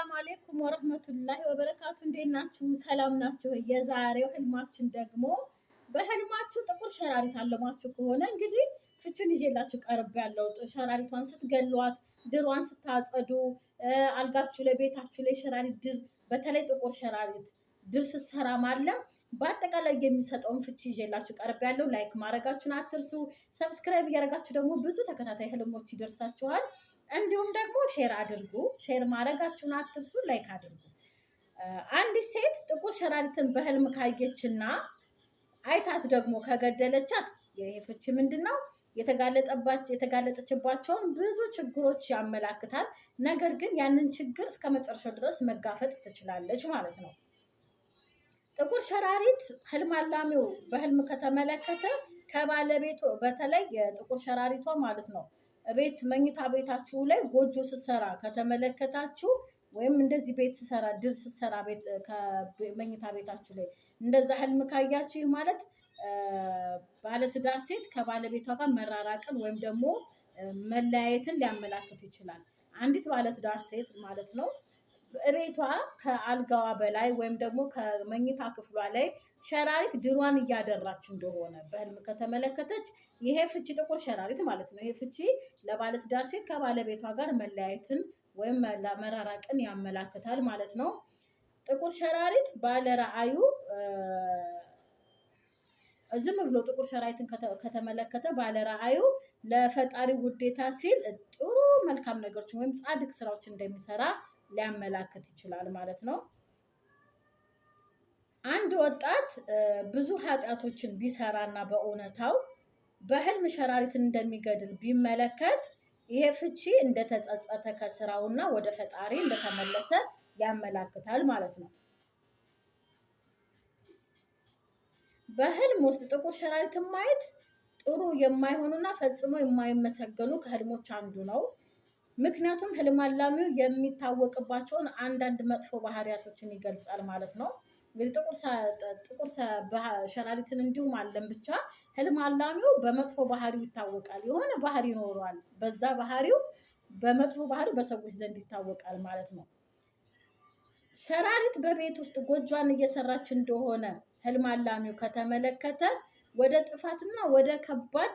አሰላሙ አሌይኩም ወረህመቱላሂ ወበረካቱ። እንዴት ናችሁ? ሰላም ናችሁ? የዛሬው ህልማችን ደግሞ በህልማችሁ ጥቁር ሸራሪት አለማችሁ ከሆነ እንግዲህ ፍችን ይዤላችሁ ቀርብ ያለው ሸራሪቷን ስትገሏት፣ ድሯን ስታጸዱ፣ አልጋችሁ ለቤታችሁ ላይ ሸራሪት ድር፣ በተለይ ጥቁር ሸራሪት ድር ስትሰራ ማለም በአጠቃላይ የሚሰጠውን ፍቺ ይዤላችሁ ቀርብ ያለው ላይክ ማድረጋችሁን አትርሱ። ሰብስክራይብ እያደረጋችሁ ደግሞ ብዙ ተከታታይ ህልሞች ይደርሳችኋል። እንዲሁም ደግሞ ሼር አድርጉ። ሼር ማድረጋችሁን አትርሱ። ላይክ አድርጉ። አንዲት ሴት ጥቁር ሸራሪትን በህልም ካየችና አይታት ደግሞ ከገደለቻት ይሄ ፍቺ ምንድን ነው? የተጋለጠችባቸውን ብዙ ችግሮች ያመላክታል። ነገር ግን ያንን ችግር እስከ መጨረሻው ድረስ መጋፈጥ ትችላለች ማለት ነው። ጥቁር ሸራሪት ህልም አላሚው በህልም ከተመለከተ ከባለቤቱ በተለይ የጥቁር ሸራሪቷ ማለት ነው ቤት መኝታ ቤታችሁ ላይ ጎጆ ስትሰራ ከተመለከታችሁ ወይም እንደዚህ ቤት ስሰራ ድር ስሰራ መኝታ ቤታችሁ ላይ እንደዛ ህልም ካያችሁ ማለት ባለትዳር ሴት ከባለቤቷ ጋር መራራቅን ወይም ደግሞ መለያየትን ሊያመላክት ይችላል። አንዲት ባለትዳር ሴት ማለት ነው እቤቷ ከአልጋዋ በላይ ወይም ደግሞ ከመኝታ ክፍሏ ላይ ሸራሪት ድሯን እያደራች እንደሆነ በህልም ከተመለከተች ይሄ ፍቺ ጥቁር ሸራሪት ማለት ነው። ይሄ ፍቺ ለባለትዳር ሴት ከባለቤቷ ጋር መለያየትን ወይም መራራቅን ያመላክታል ማለት ነው። ጥቁር ሸራሪት ባለራእዩ ዝም ብሎ ጥቁር ሸራሪትን ከተመለከተ ባለራእዩ ለፈጣሪ ውዴታ ሲል ጥሩ መልካም ነገሮችን ወይም ጻድቅ ስራዎችን እንደሚሰራ ሊያመላክት ይችላል ማለት ነው። አንድ ወጣት ብዙ ኃጢአቶችን ቢሰራና በእውነታው በህልም ሸራሪትን እንደሚገድል ቢመለከት ይሄ ፍቺ እንደተጸጸተ ከስራውና ወደ ፈጣሪ እንደተመለሰ ያመላክታል ማለት ነው። በህልም ውስጥ ጥቁር ሸራሪትን ማየት ጥሩ የማይሆኑና ፈጽሞ የማይመሰገኑ ከህልሞች አንዱ ነው። ምክንያቱም ህልም አላሚው የሚታወቅባቸውን አንዳንድ መጥፎ ባህሪያቶችን ይገልጻል ማለት ነው። እንግዲህ ጥቁር ሸራሪትን እንዲሁም አለን ብቻ ህልም አላሚው በመጥፎ ባህሪው ይታወቃል። የሆነ ባህሪ ይኖረዋል። በዛ ባህሪው በመጥፎ ባህሪ በሰዎች ዘንድ ይታወቃል ማለት ነው። ሸራሪት በቤት ውስጥ ጎጇን እየሰራች እንደሆነ ህልም አላሚው ከተመለከተ ወደ ጥፋትና ወደ ከባድ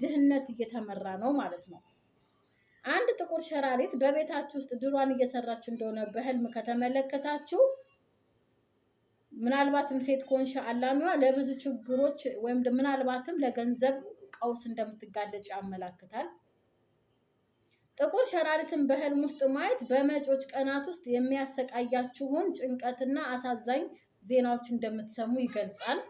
ድህነት እየተመራ ነው ማለት ነው። አንድ ጥቁር ሸራሪት በቤታችሁ ውስጥ ድሯን እየሰራች እንደሆነ በህልም ከተመለከታችሁ ምናልባትም ሴት ኮንሻ አላሚዋ ለብዙ ችግሮች ወይም ምናልባትም ለገንዘብ ቀውስ እንደምትጋለጭ ያመላክታል። ጥቁር ሸራሪትን በህልም ውስጥ ማየት በመጪዎች ቀናት ውስጥ የሚያሰቃያችሁን ጭንቀትና አሳዛኝ ዜናዎች እንደምትሰሙ ይገልጻል።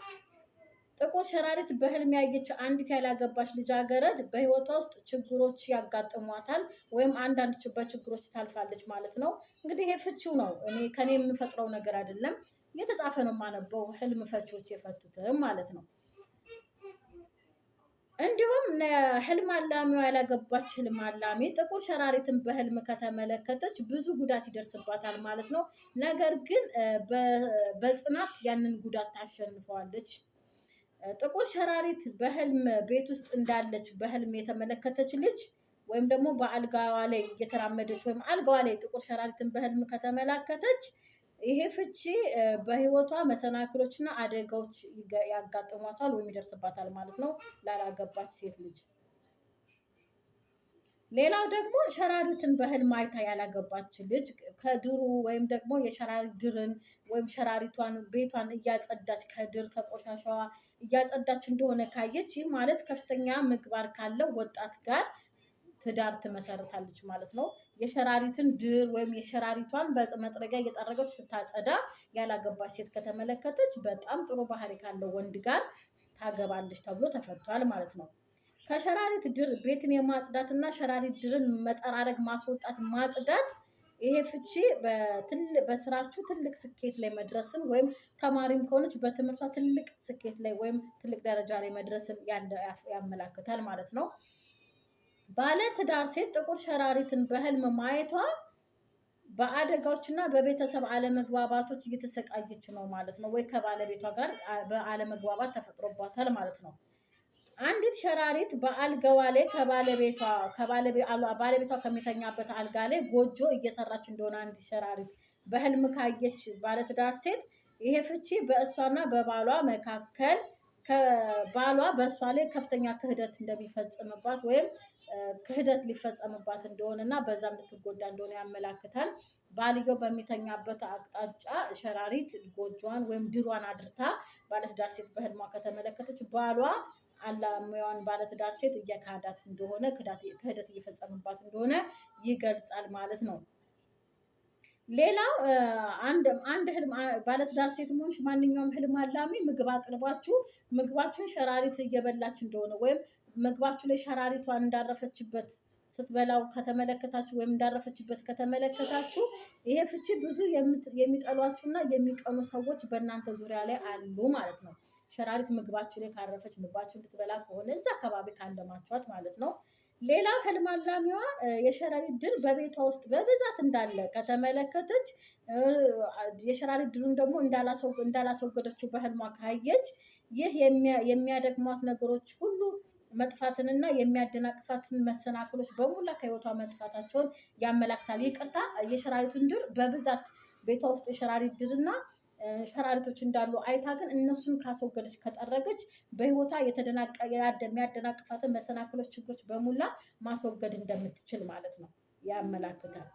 ጥቁር ሸራሪት በህልም ያየች አንዲት ያላገባች ልጃገረድ በህይወቷ ውስጥ ችግሮች ያጋጥሟታል ወይም አንዳንድ በችግሮች ታልፋለች ማለት ነው። እንግዲህ ይሄ ፍቺው ነው። እኔ ከኔ የምፈጥረው ነገር አይደለም፣ እየተጻፈ ነው የማነበው። ህልም ፈቾች የፈቱትም ማለት ነው። እንዲሁም ህልም አላሚዋ ያላገባች ህልም አላሚ ጥቁር ሸራሪትን በህልም ከተመለከተች ብዙ ጉዳት ይደርስባታል ማለት ነው። ነገር ግን በጽናት ያንን ጉዳት ታሸንፈዋለች ጥቁር ሸራሪት በህልም ቤት ውስጥ እንዳለች በህልም የተመለከተች ልጅ ወይም ደግሞ በአልጋዋ ላይ እየተራመደች ወይም አልጋዋ ላይ ጥቁር ሸራሪትን በህልም ከተመላከተች ይሄ ፍቺ በህይወቷ መሰናክሎችና አደጋዎች ያጋጥሟታል ወይም ይደርስባታል ማለት ነው ላላገባች ሴት ልጅ ሌላው ደግሞ ሸራሪትን በህልም አይታ ያላገባች ልጅ ከድሩ ወይም ደግሞ የሸራሪ ድርን ወይም ሸራሪቷን ቤቷን እያጸዳች ከድር ከቆሻሻዋ እያጸዳች እንደሆነ ካየች ይህ ማለት ከፍተኛ ምግባር ካለው ወጣት ጋር ትዳር ትመሰርታለች ማለት ነው። የሸራሪትን ድር ወይም የሸራሪቷን በመጥረጊያ እየጠረገች ስታጸዳ ያላገባች ሴት ከተመለከተች በጣም ጥሩ ባህሪ ካለው ወንድ ጋር ታገባለች ተብሎ ተፈቷል ማለት ነው። ከሸራሪት ድር ቤትን የማጽዳትና ሸራሪት ድርን መጠራረግ፣ ማስወጣት፣ ማጽዳት ይሄ ፍቺ በስራችሁ ትልቅ ስኬት ላይ መድረስን ወይም ተማሪም ከሆነች በትምህርቷ ትልቅ ስኬት ላይ ወይም ትልቅ ደረጃ ላይ መድረስን ያመላክታል ማለት ነው። ባለ ትዳር ሴት ጥቁር ሸራሪትን በህልም ማየቷ በአደጋዎችና በቤተሰብ አለመግባባቶች እየተሰቃየች ነው ማለት ነው። ወይ ከባለቤቷ ጋር በአለመግባባት ተፈጥሮባታል ማለት ነው። አንዲት ሸራሪት በአልጋዋ ላይ ከባለቤቷ ባለቤቷ ከሚተኛበት አልጋ ላይ ጎጆ እየሰራች እንደሆነ አንዲት ሸራሪት በህልም ካየች ባለትዳር ሴት ይሄ ፍቺ በእሷና በባሏ መካከል ከባሏ በእሷ ላይ ከፍተኛ ክህደት እንደሚፈጽምባት ወይም ክህደት ሊፈጸምባት እንደሆነ እና በዛ ልትጎዳ እንደሆነ ያመላክታል። ባልየው በሚተኛበት አቅጣጫ ሸራሪት ጎጇን ወይም ድሯን አድርታ ባለትዳር ሴት በህልሟ ከተመለከተች ባሏ አላሚዋን ባለትዳር ሴት እየካዳት እንደሆነ ክህደት እየፈጸመባት እንደሆነ ይገልጻል ማለት ነው። ሌላው አንድ ህልም ባለትዳር ሴት መሆንሽ ማንኛውም ህልም አላሚ ምግብ አቅርባችሁ ምግባችሁን ሸራሪት እየበላች እንደሆነ ወይም ምግባችሁ ላይ ሸራሪቷ እንዳረፈችበት ስትበላው ከተመለከታችሁ ወይም እንዳረፈችበት ከተመለከታችሁ ይሄ ፍቺ ብዙ የሚጠሏችሁና የሚቀኑ ሰዎች በእናንተ ዙሪያ ላይ አሉ ማለት ነው። ሸራሪት ምግባችሁ ላይ ካረፈች ምግባችሁ እንድትበላ ከሆነ እዚ አካባቢ ካለማችኋት ማለት ነው። ሌላው ህልም አላሚዋ የሸራሪት ድር በቤቷ ውስጥ በብዛት እንዳለ ከተመለከተች የሸራሪት ድሩን ደግሞ እንዳላስወገደችው በህልሟ ካየች ይህ የሚያደግሟት ነገሮች ሁሉ መጥፋትንና የሚያደናቅፋትን መሰናክሎች በሙላ ከህይወቷ መጥፋታቸውን ያመላክታል። ይቅርታ የሸራሪቱን ድር በብዛት ቤቷ ውስጥ የሸራሪት ድርና ሸራሪቶች እንዳሉ አይታ ግን እነሱን ካስወገደች ከጠረገች በህይወቷ የሚያደናቅፋትን መሰናክሎች፣ ችግሮች በሙላ ማስወገድ እንደምትችል ማለት ነው ያመላክታል።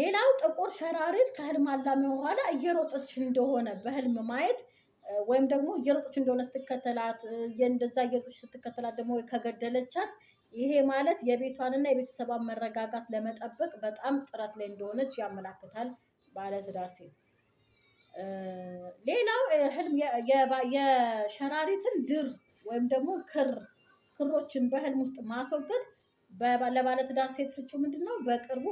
ሌላው ጥቁር ሸራሪት ከህልም አላሚ በኋላ እየሮጠች እንደሆነ በህልም ማየት ወይም ደግሞ እየሮጠች እንደሆነ ስትከተላት እንደዛ እየሮጠች ስትከተላት ደግሞ ከገደለቻት ይሄ ማለት የቤቷንና የቤተሰቧን መረጋጋት ለመጠበቅ በጣም ጥረት ላይ እንደሆነች ያመላክታል። ባለትዳር ሴት ሌላው ህልም የሸራሪትን ድር ወይም ደግሞ ክር ክሮችን በህልም ውስጥ ማስወገድ ለባለትዳር ሴት ፍቹ ምንድን ነው? በቅርቡ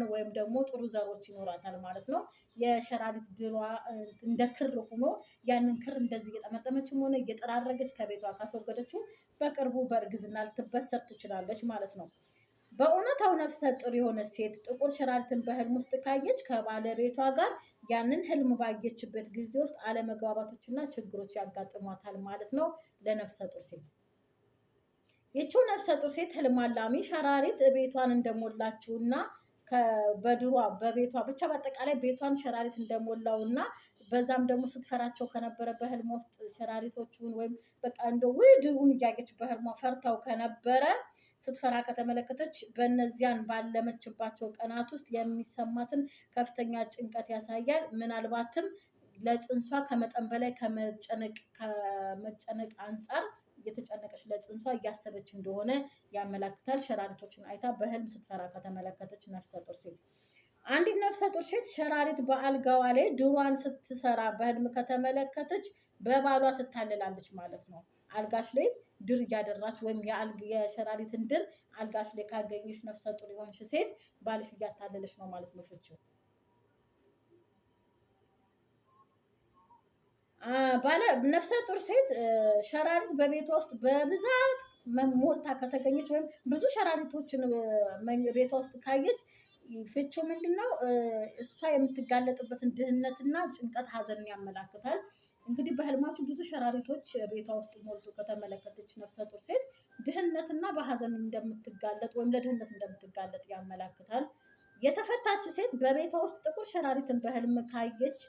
ነው ወይም ደግሞ ጥሩ ዘሮች ይኖራታል ማለት ነው። የሸራሪት ድሯ እንደ ክር ሆኖ ያንን ክር እንደዚህ እየጠመጠመችም ሆነ እየጠራረገች ከቤቷ ካስወገደችው በቅርቡ በእርግዝና ልትበሰር ትችላለች ማለት ነው። በእውነታው ነፍሰ ጡር የሆነች ሴት ጥቁር ሸራሪትን በህልም ውስጥ ካየች ከባለቤቷ ጋር ያንን ህልም ባየችበት ጊዜ ውስጥ አለመግባባቶችና ችግሮች ያጋጥሟታል ማለት ነው። ለነፍሰ ጡር ሴት ይቺው ነፍሰ ጡር ሴት ህልም አላሚ ሸራሪት ቤቷን እንደሞላችውና በድሯ በቤቷ ብቻ በአጠቃላይ ቤቷን ሸራሪት እንደሞላው እና በዛም ደግሞ ስትፈራቸው ከነበረ በህልም ውስጥ ሸራሪቶቹን ወይም በቃ እንደ ውድውን እያየች በህልሟ ፈርታው ከነበረ ስትፈራ ከተመለከተች በእነዚያን ባለመችባቸው ቀናት ውስጥ የሚሰማትን ከፍተኛ ጭንቀት ያሳያል። ምናልባትም ለጽንሷ ከመጠን በላይ ከመጨነቅ አንጻር እየተጨነቀች ለጽንሷ እያሰበች እንደሆነ ያመላክታል። ሸራሪቶችን አይታ በህልም ስትፈራ ከተመለከተች ነፍሰ ጡር ሴት አንዲት ነፍሰ ጡር ሴት ሸራሪት በአልጋዋ ላይ ድሯን ስትሰራ በህልም ከተመለከተች በባሏ ትታልላለች ማለት ነው። አልጋሽ ላይ ድር እያደራች ወይም የሸራሪትን ድር አልጋሽ ላይ ካገኘሽ ነፍሰ ጡር የሆንሽ ሴት ባልሽ እያታለለች ነው ማለት ነው ፍቺው። ባለ ነፍሰ ጡር ሴት ሸራሪት በቤቷ ውስጥ በብዛት ሞልታ ከተገኘች ወይም ብዙ ሸራሪቶችን ቤቷ ውስጥ ካየች ፍቺው ምንድን ነው? እሷ የምትጋለጥበትን ድህነትና ጭንቀት ሀዘንን ያመላክታል። እንግዲህ በህልማችሁ ብዙ ሸራሪቶች ቤቷ ውስጥ ሞልቶ ከተመለከተች ነፍሰ ጡር ሴት ድህነትና በሀዘን እንደምትጋለጥ ወይም ለድህነት እንደምትጋለጥ ያመላክታል። የተፈታች ሴት በቤቷ ውስጥ ጥቁር ሸራሪትን በህልም ካየች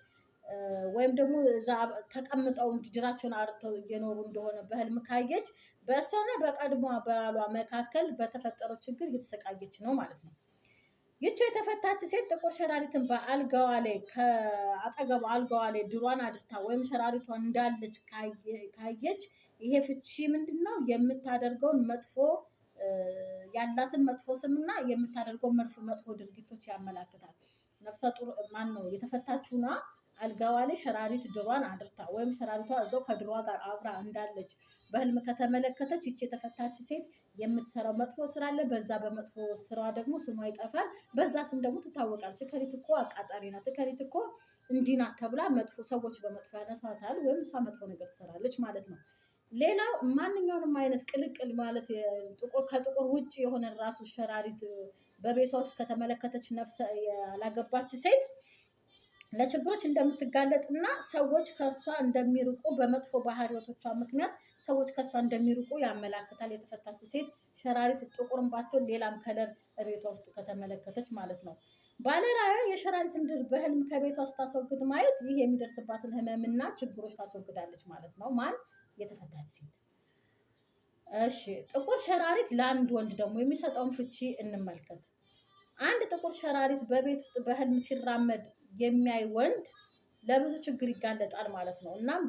ወይም ደግሞ እዛ ተቀምጠው ጅራቸውን አርተው እየኖሩ እንደሆነ በህልም ካየች በእሷና በቀድሞ ባሏ መካከል በተፈጠረው ችግር እየተሰቃየች ነው ማለት ነው። ይቺ የተፈታች ሴት ጥቁር ሸራሪትን በአልጋዋ ላይ ከአጠገቡ አልጋዋ ላይ ድሯን አድርታ ወይም ሸራሪቷን እንዳለች ካየች ይሄ ፍቺ ምንድን ነው? የምታደርገውን መጥፎ ያላትን መጥፎ ስምና የምታደርገውን መጥፎ ድርጊቶች ያመላክታል። ነፍሰ ጡር ማን ነው የተፈታችና አልጋዋ ላይ ሸራሪት ድሯን አድርታ ወይም ሸራሪቷ እዛው ከድሯ ጋር አብራ እንዳለች በህልም ከተመለከተች ይቺ የተፈታች ሴት የምትሰራው መጥፎ ስራ አለ። በዛ በመጥፎ ስራ ደግሞ ስሟ ይጠፋል። በዛ ስም ደግሞ ትታወቃለች። እከሊት እኮ አቃጣሪ ናት፣ እከሊት እኮ እንዲህ ናት ተብላ መጥፎ ሰዎች በመጥፎ ያነሷታል፣ ወይም እሷ መጥፎ ነገር ትሰራለች ማለት ነው። ሌላው ማንኛውንም አይነት ቅልቅል ማለት ጥቁር ከጥቁር ውጭ የሆነ ራሱ ሸራሪት በቤቷ ውስጥ ከተመለከተች ነፍሰ ያላገባች ሴት ለችግሮች እንደምትጋለጥና ሰዎች ከእሷ እንደሚርቁ በመጥፎ ባህሪዎቶቿ ምክንያት ሰዎች ከእሷ እንደሚርቁ ያመላክታል። የተፈታች ሴት ሸራሪት ጥቁርም ባትሆን ሌላም ከለር ቤቷ ውስጥ ከተመለከተች ማለት ነው። ባለራዕይ የሸራሪት ድር በህልም ከቤቷ ስታስወግድ ማየት ይህ የሚደርስባትን ህመምና ችግሮች ታስወግዳለች ማለት ነው። ማን? የተፈታች ሴት። እሺ፣ ጥቁር ሸራሪት ለአንድ ወንድ ደግሞ የሚሰጠውን ፍቺ እንመልከት። አንድ ጥቁር ሸራሪት በቤት ውስጥ በህልም ሲራመድ የሚያይ ወንድ ለብዙ ችግር ይጋለጣል ማለት ነው። እናም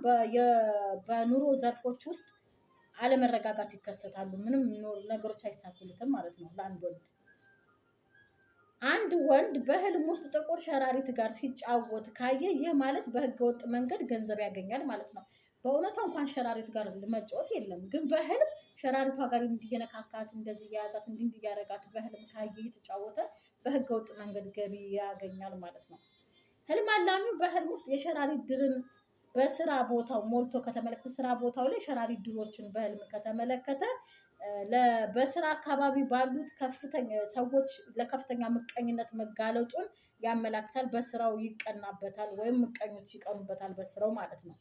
በኑሮ ዘርፎች ውስጥ አለመረጋጋት ይከሰታሉ። ምንም ነገሮች አይሳኩልትም ማለት ነው። ለአንድ ወንድ አንድ ወንድ በህልም ውስጥ ጥቁር ሸራሪት ጋር ሲጫወት ካየ ይህ ማለት በህገወጥ መንገድ ገንዘብ ያገኛል ማለት ነው። በእውነቷ እንኳን ሸራሪት ጋር መጫወት የለም፣ ግን በህልም ሸራሪቷ ጋር እንዲየነካካት እንደዚህ እያያዛት እንዲህ እንዲያረጋት በህልም ካየ እየተጫወተ በህገወጥ መንገድ ገቢ ያገኛል ማለት ነው። ህልም አላሚው በህልም ውስጥ የሸራሪት ድርን በስራ ቦታው ሞልቶ ከተመለከተ ስራ ቦታው ላይ ሸራሪት ድሮችን በህልም ከተመለከተ በስራ አካባቢ ባሉት ከፍተኛ ሰዎች ለከፍተኛ ምቀኝነት መጋለጡን ያመላክታል። በስራው ይቀናበታል ወይም ምቀኞች ይቀኑበታል በስራው ማለት ነው።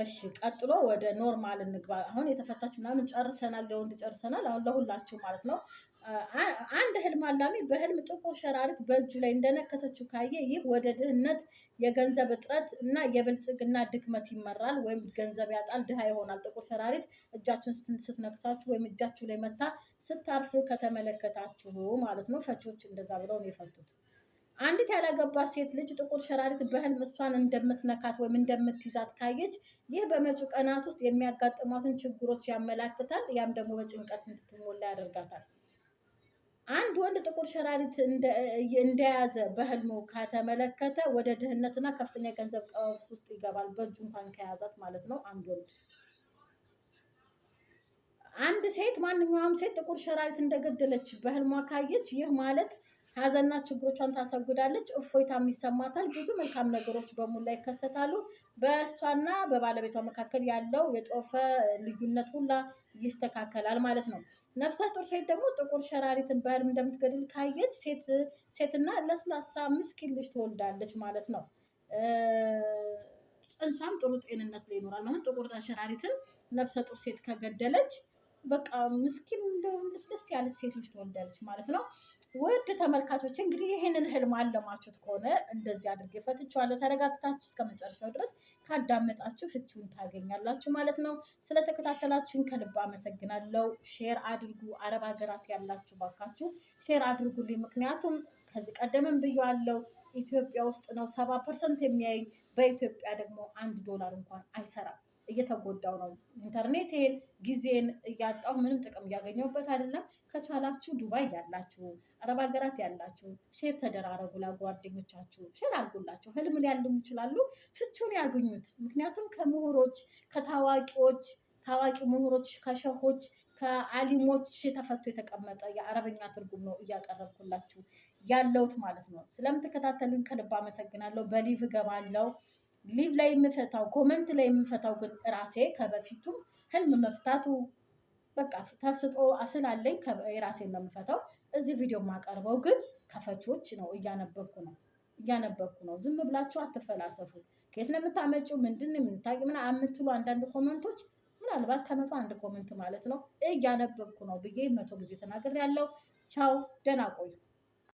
እሺ ቀጥሎ ወደ ኖርማል እንግባ። አሁን የተፈታች ምናምን ጨርሰናል፣ ለወንድ ጨርሰናል። አሁን ለሁላችሁ ማለት ነው። አንድ ህልም አላሚ በህልም ጥቁር ሸራሪት በእጁ ላይ እንደነከሰችው ካየ ይህ ወደ ድህነት፣ የገንዘብ እጥረት እና የብልጽግና ድክመት ይመራል፣ ወይም ገንዘብ ያጣል፣ ድሃ ይሆናል። ጥቁር ሸራሪት እጃችሁን ስትነክሳችሁ ወይም እጃችሁ ላይ መታ ስታርፍ ከተመለከታችሁ ማለት ነው። ፈቺዎች እንደዛ ብለው ነው የፈቱት። አንዲት ያላገባ ሴት ልጅ ጥቁር ሸራሪት በህልም እሷን እንደምትነካት ወይም እንደምትይዛት ካየች ይህ በመጪው ቀናት ውስጥ የሚያጋጥሟትን ችግሮች ያመላክታል። ያም ደግሞ በጭንቀት እንድትሞላ ያደርጋታል። አንድ ወንድ ጥቁር ሸራሪት እንደያዘ በህልሙ ከተመለከተ ወደ ድህነትና ከፍተኛ ገንዘብ ቀውስ ውስጥ ይገባል። በእጁ እንኳን ከያዛት ማለት ነው። አንድ ወንድ አንድ ሴት ማንኛውም ሴት ጥቁር ሸራሪት እንደገደለች በህልሟ ካየች ይህ ማለት ሀዘንና ችግሮቿን ታሰጉዳለች፣ እፎይታም ይሰማታል። ብዙ መልካም ነገሮች በሙላ ይከሰታሉ። በእሷና በባለቤቷ መካከል ያለው የጦፈ ልዩነት ሁላ ይስተካከላል ማለት ነው። ነፍሰ ጡር ሴት ደግሞ ጥቁር ሸራሪትን በህልም እንደምትገድል ካየች ሴትና ለስላሳ ምስኪን ልጅ ትወልዳለች ማለት ነው። ጽንሷም ጥሩ ጤንነት ላይ ይኖራል ማለት ጥቁር ሸራሪትን ነፍሰ ጡር ሴት ከገደለች በቃ ምስኪን ልስልስ ያለች ሴት ልጅ ትወልዳለች ማለት ነው። ውድ ተመልካቾች እንግዲህ ይህንን ህልም አለማችሁት ከሆነ እንደዚህ አድርጌ ፈትቼዋለሁ። ተረጋግታችሁ እስከ መጨረሻው ድረስ ካዳመጣችሁ ፍቺውን ታገኛላችሁ ማለት ነው። ስለተከታተላችሁን ከልብ አመሰግናለሁ። ሼር አድርጉ። አረብ ሀገራት ያላችሁ ባካችሁ ሼር አድርጉልኝ። ምክንያቱም ከዚህ ቀደምም ብያለሁ ኢትዮጵያ ውስጥ ነው ሰባ ፐርሰንት የሚያይኝ በኢትዮጵያ ደግሞ አንድ ዶላር እንኳን አይሰራም። እየተጎዳው ነው። ኢንተርኔቴን፣ ጊዜን እያጣው ምንም ጥቅም እያገኘሁበት አይደለም። ከቻላችሁ ዱባይ ያላችሁ፣ አረብ ሀገራት ያላችሁ ሼር ተደራረጉ። ለጓደኞቻችሁ ሼር አድርጉላቸው። ህልም ሊያልሙ ይችላሉ። ፍቹን ያገኙት። ምክንያቱም ከምሁሮች ከታዋቂዎች ታዋቂ ምሁሮች ከሸሆች ከአሊሞች ተፈቶ የተቀመጠ የአረበኛ ትርጉም ነው እያቀረብኩላችሁ ያለሁት ማለት ነው። ስለምትከታተሉኝ ከልብ አመሰግናለሁ። በሊቭ እገባለሁ። ሊቭ ላይ የምፈታው ኮመንት ላይ የምፈታው ግን ራሴ ከበፊቱም ህልም መፍታቱ በቃ ተስጦ ስላለኝ የራሴን ነው የምፈታው። እዚህ ቪዲዮ የማቀርበው ግን ከፈቾች ነው፣ እያነበብኩ ነው እያነበብኩ ነው። ዝም ብላችሁ አትፈላሰፉ። ከየት ነው የምታመጪው? ምንድን የምታቂ ምና የምትሉ አንዳንድ ኮመንቶች ምናልባት ከመቶ አንድ ኮመንት ማለት ነው። እያነበብኩ ነው ብዬ መቶ ጊዜ ተናግሬያለሁ። ቻው፣ ደህና ቆዩ።